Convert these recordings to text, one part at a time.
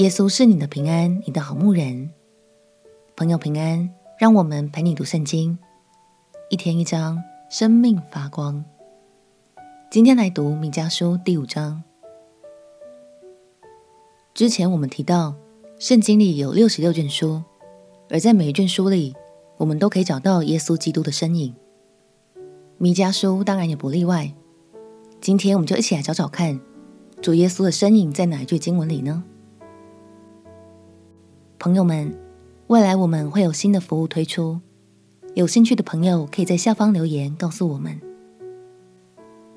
耶穌是你的平安，你的好牧人。朋友平安，讓我們陪你讀聖經，一天一章，生命發光。今天來讀彌迦書第五章。之前我們提到，聖經裡有六十六卷書，而在每一卷書裡，我們都可以找到耶穌基督的身影。彌迦書當然也不例外。今天我們就一起來找找看，主耶穌的身影在哪一句經文裡呢？朋友們，未來我們會有新的服務推出，有興趣的朋友可以在下方留言告訴我們。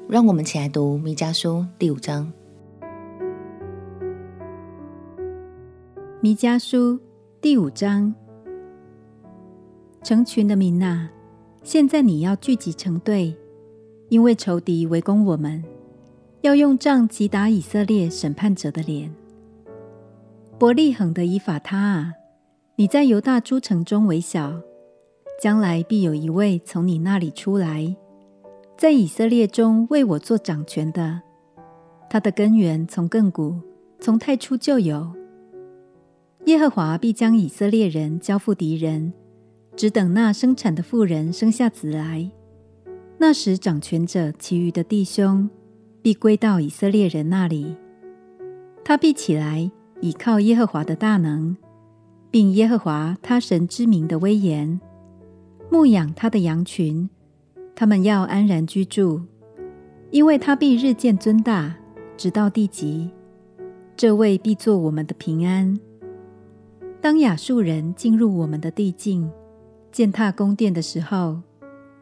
讓我們一起來讀彌迦書第五章。彌迦書第五章，成群的民啊,現在你要聚集成隊，因為仇敵圍攻我們，要用杖擊打以色列審判者的臉。伯利恆的以法他啊，你在猶大諸城中為小，將來必有一位從你那裡出來，在以色列中為我做掌權的。他的根源從亙古，從太初就有。耶和華必將以色列人交付敵人，只等那生產的婦人生下子來。那時掌權者其餘的弟兄必歸到以色列人那裡，他必起來。倚靠耶和華的大能，並耶和華他神之名的威嚴，牧養他的羊群，他們要安然居住，因為他必日漸尊大，直到地極。這位必作我們的平安。當亞述人進入我們的地境，踐踏宮殿的時候，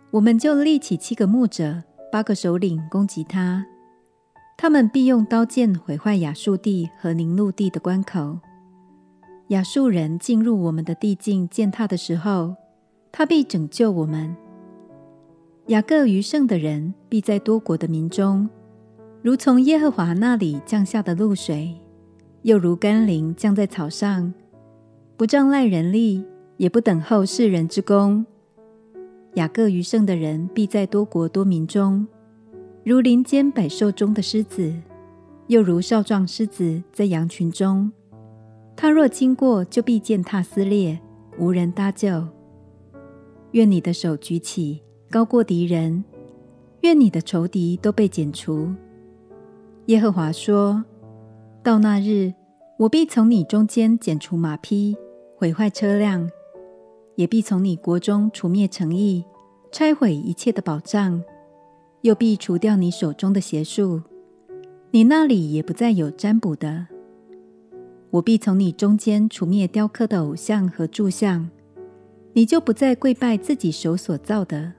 我們就立起七個牧者，八個首領攻擊他。他們必用刀劍毀壞亞述地和寧錄地的關口。亞述人進入我們的地境踐踏的時候，他必拯救我們。雅各餘剩的人必在多國的民中，如從耶和華那裡降下的露水，又如甘霖降在草上，不仗賴人力，也不等候世人之功。雅各餘剩的人必在多國多民中，如林間百獸中的獅子，又如少壯獅子在羊群中，他若經過，就必踐踏撕裂，無人搭救。願你的手舉起，高過敵人；願你的仇敵都被剪除。耶和華說：“到那日，我必從你中間剪除馬匹，毀壞車輛，也必從你國中除滅城邑，拆毀一切的保障。”又必除掉你手中的邪術，你那裡也不再有占卜的。我必從你中間除滅雕刻的偶像和柱像，你就不再跪拜自己手所造的。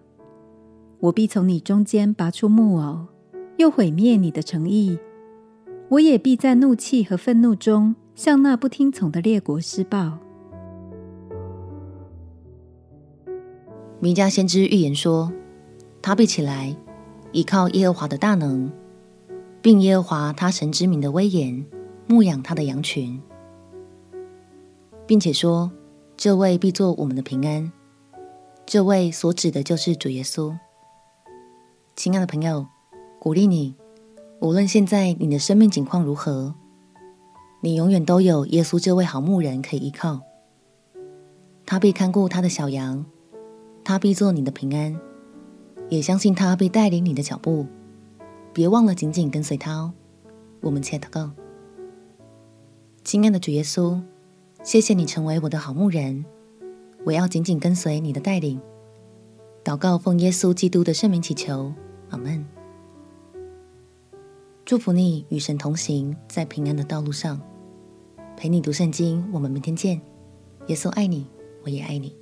我必從你中間拔出木偶，又毀滅你的誠意。我也必在怒氣和憤怒中，向那不聽從的列國施報。彌迦先知預言說：“他必起來。”依靠耶和華的大能，並耶和華他神之名的威嚴，牧養他的羊群，並且說：“這位必作我們的平安。”這位所指的就是主耶穌。親愛的朋友，鼓勵你，無論現在你的生命境況如何，你永遠都有耶穌這位好牧人可以依靠。他必看顧他的小羊，他必做你的平安。也相信他必帶領你的腳步，別忘了緊緊跟隨他哦。我們且禱告，親愛的主耶穌，謝謝你成為我的好牧人，我要緊緊跟隨你的帶領。禱告奉耶穌基督的聖名祈求，阿門。祝福你與神同行在平安的道路上，陪你讀聖經。我們明天見，耶穌愛你，我也愛你。